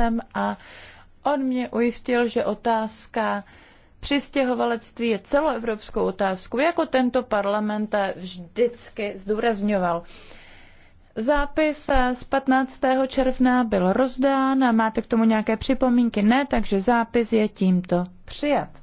jsem a on mě ujistil, že otázka přistěhovalectví je celoevropskou otázkou, jako tento parlament vždycky zdůrazňoval. Zápis z 15. června byl rozdán a máte k tomu nějaké připomínky? Ne, takže zápis je tímto přijat.